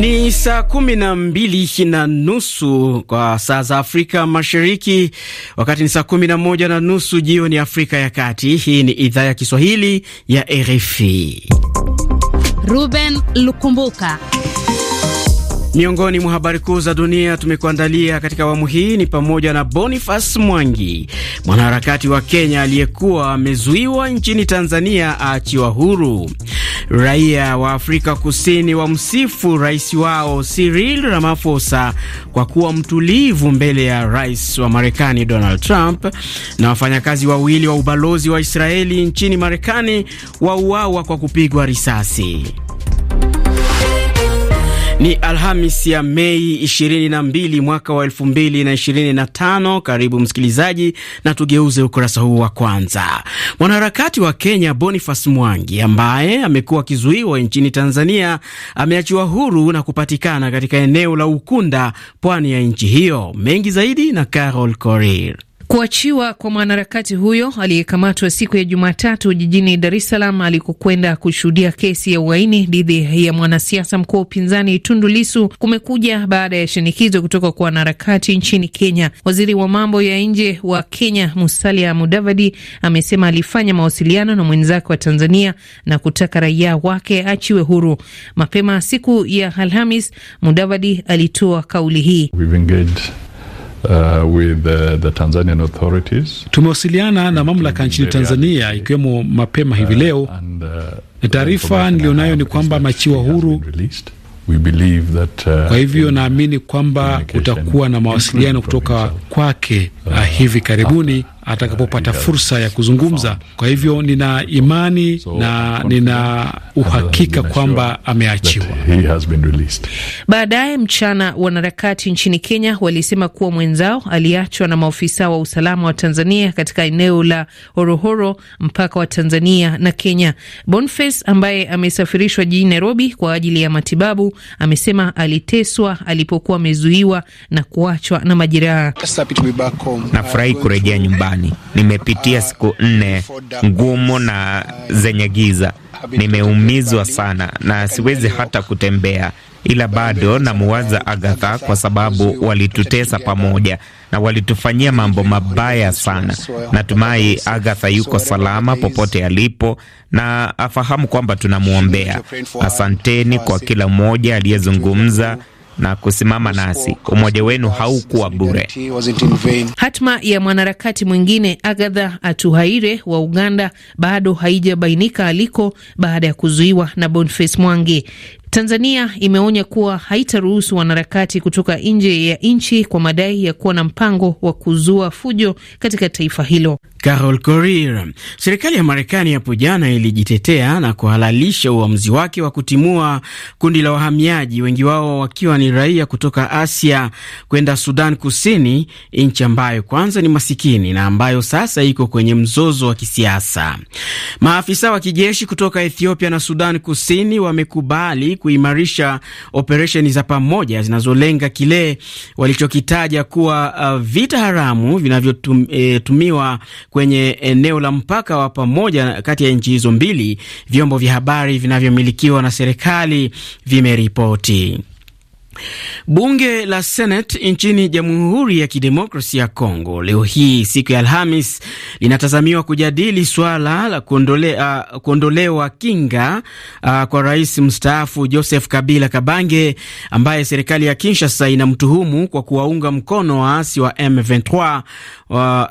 Ni saa kumi na mbili na nusu kwa saa za Afrika Mashariki, wakati ni saa kumi na moja na nusu jioni Afrika ya Kati. Hii ni idhaa ya Kiswahili ya RFI. Ruben Lukumbuka Miongoni mwa habari kuu za dunia tumekuandalia katika awamu hii ni pamoja na Boniface Mwangi, mwanaharakati wa Kenya aliyekuwa amezuiwa nchini Tanzania aachiwa huru. Raia wa Afrika Kusini wamsifu rais wao Cyril Ramaphosa kwa kuwa mtulivu mbele ya rais wa Marekani Donald Trump. Na wafanyakazi wawili wa ubalozi wa Israeli nchini Marekani wauawa kwa kupigwa risasi. Ni Alhamis ya Mei 22 mwaka wa 2025. Karibu msikilizaji, na tugeuze ukurasa huu wa kwanza. Mwanaharakati wa Kenya Boniface Mwangi ambaye amekuwa akizuiwa nchini Tanzania ameachiwa huru na kupatikana katika eneo la Ukunda, pwani ya nchi hiyo. Mengi zaidi na Carol Korir. Kuachiwa kwa mwanaharakati huyo aliyekamatwa siku ya Jumatatu jijini Dar es Salaam alikokwenda kushuhudia kesi ya uhaini dhidi ya mwanasiasa mkuu wa upinzani Tundu Lisu kumekuja baada ya shinikizo kutoka kwa wanaharakati nchini Kenya. Waziri wa mambo ya nje wa Kenya Musalia Mudavadi amesema alifanya mawasiliano na mwenzake wa Tanzania na kutaka raia wake achiwe huru. Mapema siku ya Alhamis, Mudavadi alitoa kauli hii. Uh, with the, the Tanzanian authorities. Tumewasiliana na mamlaka nchini Tanzania ikiwemo mapema hivi uh, leo, uh, na taarifa nilionayo ni kwamba machiwa huru. Uh, Kwa hivyo naamini kwamba kutakuwa na mawasiliano kutoka kwake hivi karibuni atakapopata fursa ya kuzungumza. Kwa hivyo nina imani na nina uhakika kwamba ameachiwa. Baadaye mchana, wanaharakati nchini Kenya walisema kuwa mwenzao aliachwa na maofisa wa usalama wa Tanzania katika eneo la Horohoro, mpaka wa Tanzania na Kenya. Boniface ambaye amesafirishwa jijini Nairobi kwa ajili ya matibabu amesema aliteswa alipokuwa amezuiwa na kuachwa na majeraha. Nafurahi kurejea nyumbani gizani. Nimepitia siku nne ngumu na zenye giza. Nimeumizwa sana na siwezi hata kutembea, ila bado namuwaza Agatha kwa sababu walitutesa pamoja na walitufanyia mambo mabaya sana. Natumai Agatha yuko salama popote alipo na afahamu kwamba tunamwombea. Asanteni kwa kila mmoja aliyezungumza na kusimama nasi. Umoja wenu haukuwa bure. Hatma ya mwanaharakati mwingine Agatha Atuhaire wa Uganda bado haijabainika aliko baada ya kuzuiwa na Boniface Mwangi. Tanzania imeonya kuwa haitaruhusu wanaharakati kutoka nje ya nchi kwa madai ya kuwa na mpango wa kuzua fujo katika taifa hilo. Carol Korir. Serikali ya Marekani hapo jana ilijitetea na kuhalalisha uamuzi wake wa kutimua kundi la wahamiaji, wengi wao wakiwa ni raia kutoka Asia kwenda Sudan Kusini, nchi ambayo kwanza ni masikini na ambayo sasa iko kwenye mzozo wa kisiasa. Maafisa wa kijeshi kutoka Ethiopia na Sudan Kusini wamekubali kuimarisha operesheni za pamoja zinazolenga kile walichokitaja kuwa uh, vita haramu vinavyotumiwa eh, e, kwenye eneo la mpaka wa pamoja kati ya nchi hizo mbili, vyombo vya habari vinavyomilikiwa na serikali vimeripoti. Bunge la Senate nchini Jamhuri ya Kidemokrasia ya Kongo leo hii siku ya Alhamis linatazamiwa kujadili swala la uh, kuondolewa kinga uh, kwa rais mstaafu Joseph Kabila Kabange ambaye serikali ya Kinshasa inamtuhumu kwa kuwaunga mkono waasi wa M23 wa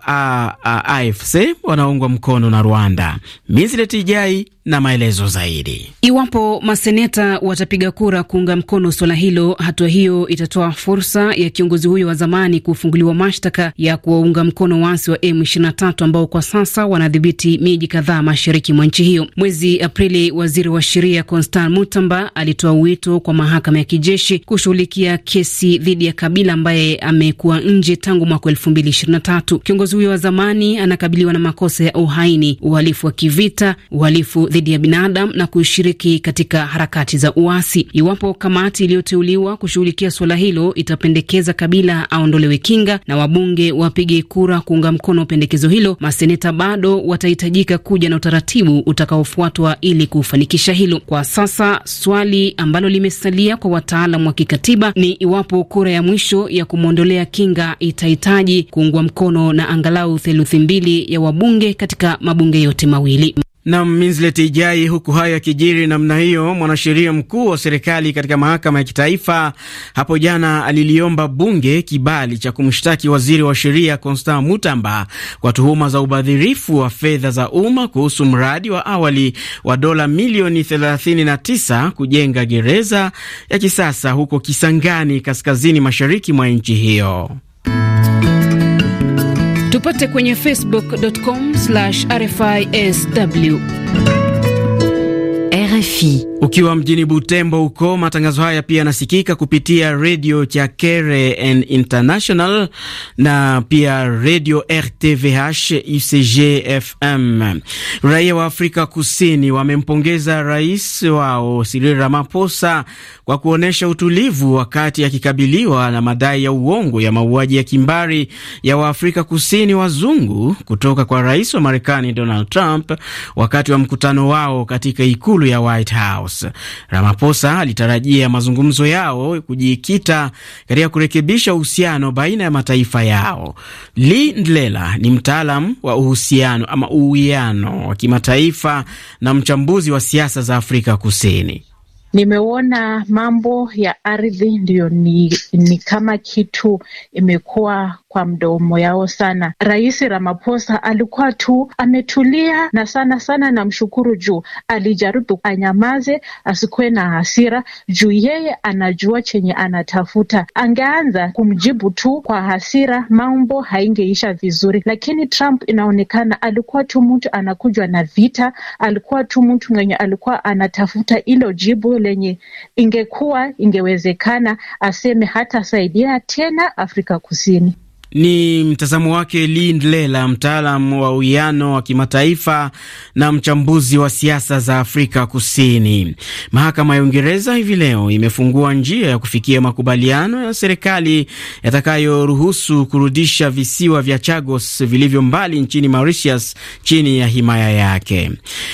AFC ah, wanaoungwa mkono na Rwanda. Minslet Ijai na maelezo zaidi. Iwapo maseneta watapiga kura kuunga mkono suala hilo, hatua hiyo itatoa fursa ya kiongozi huyo wa zamani kufunguliwa mashtaka ya kuwaunga mkono waasi wa M23 ambao kwa sasa wanadhibiti miji kadhaa mashariki mwa nchi hiyo. Mwezi Aprili, waziri wa sheria Constan Mutamba alitoa wito kwa mahakama ya kijeshi kushughulikia kesi dhidi ya Kabila ambaye amekuwa nje tangu mwaka 2023. Kiongozi huyo wa zamani anakabiliwa na makosa ya uhaini, uhalifu wa kivita, uhalifu dhidi ya binadamu na kushiriki katika harakati za uasi. Iwapo kamati iliyoteuliwa kushughulikia suala hilo itapendekeza Kabila aondolewe kinga na wabunge wapige kura kuunga mkono pendekezo hilo, maseneta bado watahitajika kuja na utaratibu utakaofuatwa ili kufanikisha hilo. Kwa sasa swali ambalo limesalia kwa wataalam wa kikatiba ni iwapo kura ya mwisho ya kumwondolea kinga itahitaji kuungwa mkono na angalau theluthi mbili ya wabunge katika mabunge yote mawili nam minslet Ijai. Huku hayo yakijiri namna hiyo, mwanasheria mkuu wa serikali katika mahakama ya kitaifa hapo jana aliliomba bunge kibali cha kumshtaki waziri wa sheria Constant Mutamba kwa tuhuma za ubadhirifu wa fedha za umma kuhusu mradi wa awali wa dola milioni 39 kujenga gereza ya kisasa huko Kisangani, kaskazini mashariki mwa nchi hiyo. Tupate kwenye facebook.com/rfisw. RFI ukiwa mjini Butembo huko, matangazo haya pia yanasikika kupitia redio Kere and International na pia redio RTVH UCG FM. Raia wa Afrika Kusini wamempongeza rais wao Cyril Ramaphosa kwa kuonyesha utulivu wakati akikabiliwa na madai ya uongo ya mauaji ya kimbari ya Waafrika Kusini wazungu kutoka kwa rais wa Marekani Donald Trump wakati wa mkutano wao katika ikulu ya White House. Laos. Ramaphosa alitarajia mazungumzo yao kujikita katika kurekebisha uhusiano baina ya mataifa yao. Lee Ndlela ni mtaalam wa uhusiano ama uwiano wa kimataifa na mchambuzi wa siasa za Afrika Kusini nimeona mambo ya ardhi ndiyo ni, ni kama kitu imekuwa kwa mdomo yao sana. Rais Ramaphosa alikuwa tu ametulia na sana sana, namshukuru juu alijaribu anyamaze, asikuwe na hasira juu yeye anajua chenye anatafuta. Angeanza kumjibu tu kwa hasira, mambo haingeisha vizuri, lakini Trump inaonekana alikuwa tu mtu anakujwa na vita, alikuwa tu mtu mwenye alikuwa anatafuta ilo jibu lenye ingekuwa ingewezekana aseme hata saidia tena Afrika Kusini. Ni mtazamo wake Lindlela, mtaalam wa uwiano wa kimataifa na mchambuzi wa siasa za Afrika Kusini. Mahakama ya Uingereza hivi leo imefungua njia ya kufikia makubaliano ya serikali yatakayoruhusu kurudisha visiwa vya Chagos vilivyo mbali nchini Mauritius chini ya himaya yake.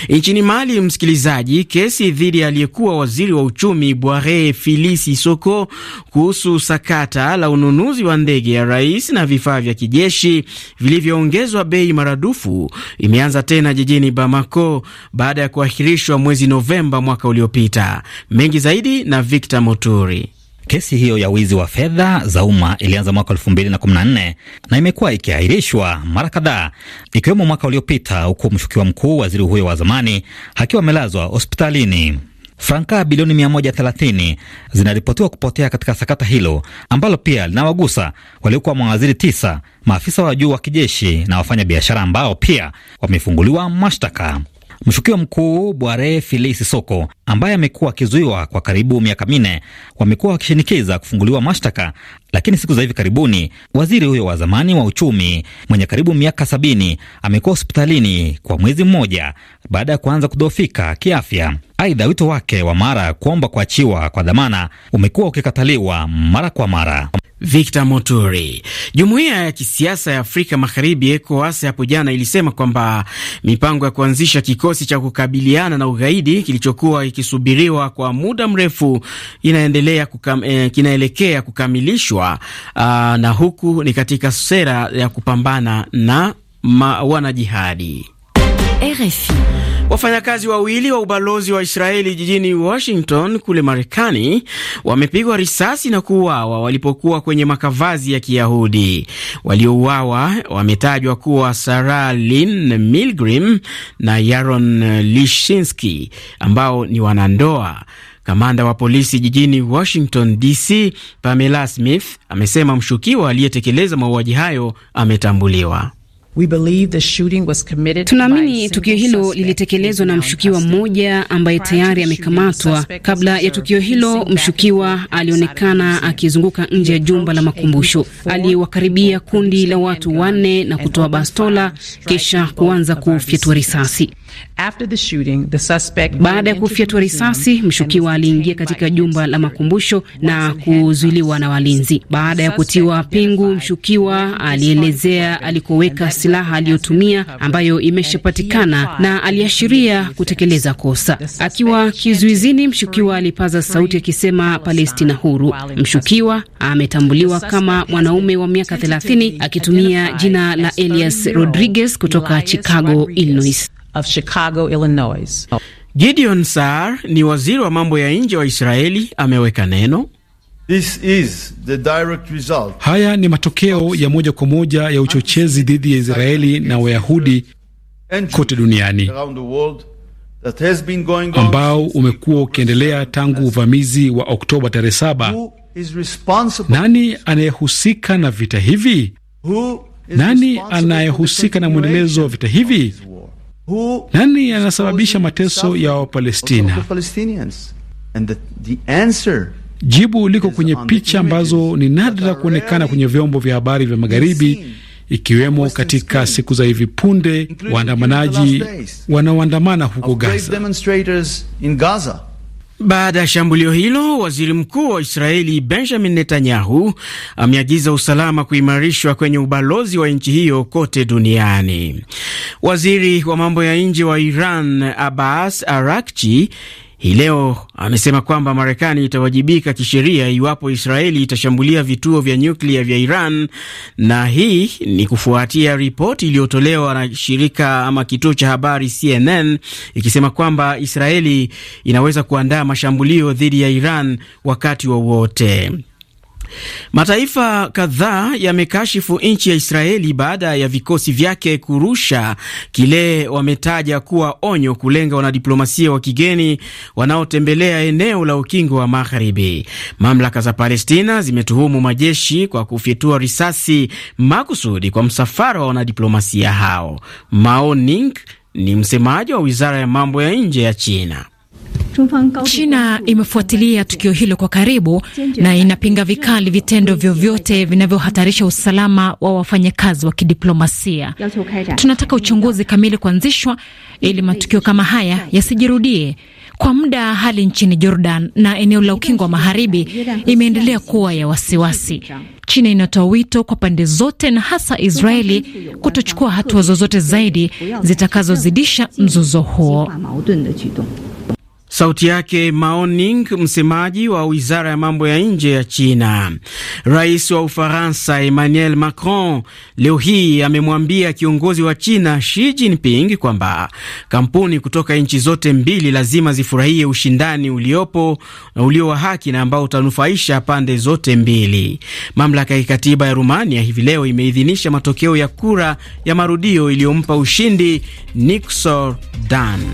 Nchini Mali, msikilizaji, kesi dhidi ya aliyekuwa waziri wa uchumi Bware filisi Soko kuhusu sakata la ununuzi wa ndege ya rais na vifaa vya kijeshi vilivyoongezwa bei maradufu imeanza tena jijini Bamako baada ya kuahirishwa mwezi Novemba mwaka uliopita. Mengi zaidi na Victor Moturi. Kesi hiyo ya wizi wa fedha za umma ilianza mwaka 2014 na imekuwa ikiahirishwa mara kadhaa, ikiwemo mwaka uliopita, huku mshukiwa mkuu, waziri huyo wa zamani, akiwa amelazwa hospitalini. Franka bilioni 130 zinaripotiwa kupotea katika sakata hilo ambalo pia linawagusa waliokuwa mawaziri tisa, maafisa wa juu wa kijeshi na wafanya biashara ambao pia wamefunguliwa mashtaka. Mshukiwa mkuu Bware Filis Soko, ambaye amekuwa akizuiwa kwa karibu miaka minne, wamekuwa wakishinikiza kufunguliwa mashtaka, lakini siku za hivi karibuni waziri huyo wa zamani wa uchumi mwenye karibu miaka sabini amekuwa hospitalini kwa mwezi mmoja baada ya kuanza kudhoofika kiafya. Aidha, wito wake wa mara kuomba kuachiwa kwa dhamana umekuwa ukikataliwa mara kwa mara. Victor Moturi. Jumuiya ya kisiasa ya Afrika Magharibi ECOWAS hapo jana ilisema kwamba mipango ya kuanzisha kikosi cha kukabiliana na ugaidi kilichokuwa ikisubiriwa kwa muda mrefu inaendelea kukam, eh, kinaelekea kukamilishwa aa, ah, na huku ni katika sera ya kupambana na wanajihadi RFI. Wafanyakazi wawili wa ubalozi wa Israeli jijini Washington kule Marekani wamepigwa risasi na kuuawa walipokuwa kwenye makavazi ya Kiyahudi. Waliouawa wametajwa kuwa Sarah Lynn Milgrim na Yaron lishinski ambao ni wanandoa. Kamanda wa polisi jijini Washington DC, Pamela Smith, amesema mshukiwa aliyetekeleza mauaji hayo ametambuliwa. Tunaamini tukio hilo lilitekelezwa na mshukiwa mmoja ambaye tayari amekamatwa. Kabla ya tukio hilo, mshukiwa alionekana akizunguka nje ya jumba la makumbusho. Aliwakaribia kundi la watu wanne na kutoa bastola kisha kuanza kufyatua risasi. Baada ya kufyatua risasi, mshukiwa aliingia katika jumba la makumbusho na kuzuiliwa na walinzi. Baada ya kutiwa pingu, mshukiwa alielezea alikoweka silaha aliyotumia ambayo imeshapatikana na aliashiria kutekeleza kosa. Akiwa kizuizini, mshukiwa alipaza sauti akisema Palestina huru. Mshukiwa ametambuliwa kama mwanaume wa miaka 30 akitumia jina la Elias Rodriguez kutoka Chicago, Illinois of Chicago, Illinois. Gideon Saar ni waziri wa mambo ya nje wa Israeli ameweka neno. This is the direct result. Haya ni matokeo ya moja kwa moja ya uchochezi dhidi ya Israeli na Wayahudi kote duniani ambao umekuwa ukiendelea tangu uvamizi wa Oktoba tarehe 7. Nani anayehusika na vita hivi? Nani anayehusika na mwendelezo wa vita hivi? Nani anasababisha mateso ya Wapalestina? Jibu liko kwenye picha ambazo ni nadra kuonekana kwenye vyombo vya habari vya Magharibi, ikiwemo katika siku za hivi punde waandamanaji wanaoandamana huko Gaza. Baada ya shambulio hilo, waziri mkuu wa Israeli Benjamin Netanyahu ameagiza usalama kuimarishwa kwenye ubalozi wa nchi hiyo kote duniani. Waziri wa mambo ya nje wa Iran Abbas Arakchi hii leo amesema kwamba Marekani itawajibika kisheria iwapo Israeli itashambulia vituo vya nyuklia vya Iran, na hii ni kufuatia ripoti iliyotolewa na shirika ama kituo cha habari CNN ikisema kwamba Israeli inaweza kuandaa mashambulio dhidi ya Iran wakati wowote wa Mataifa kadhaa yamekashifu nchi ya Israeli baada ya vikosi vyake kurusha kile wametaja kuwa onyo kulenga wanadiplomasia wa kigeni wanaotembelea eneo la ukingo wa Magharibi. Mamlaka za Palestina zimetuhumu majeshi kwa kufyetua risasi makusudi kwa msafara wa wanadiplomasia hao. Mao Ning ni msemaji wa wizara ya mambo ya nje ya China. China imefuatilia tukio hilo kwa karibu na inapinga vikali vitendo vyovyote vinavyohatarisha usalama wa wafanyakazi wa kidiplomasia. Tunataka uchunguzi kamili kuanzishwa ili matukio kama haya yasijirudie. Kwa muda hali nchini Jordan na eneo la ukingo wa magharibi imeendelea kuwa ya wasiwasi. China inatoa wito kwa pande zote na hasa Israeli kutochukua hatua zozote zaidi zitakazozidisha mzozo huo. Sauti yake Mao Ning, msemaji wa wizara ya mambo ya nje ya China. Rais wa Ufaransa Emmanuel Macron leo hii amemwambia kiongozi wa China Xi Jinping kwamba kampuni kutoka nchi zote mbili lazima zifurahie ushindani uliopo na ulio wa haki na ambao utanufaisha pande zote mbili. Mamlaka ya kikatiba ya Rumania hivi leo imeidhinisha matokeo ya kura ya marudio iliyompa ushindi Nixor Dan.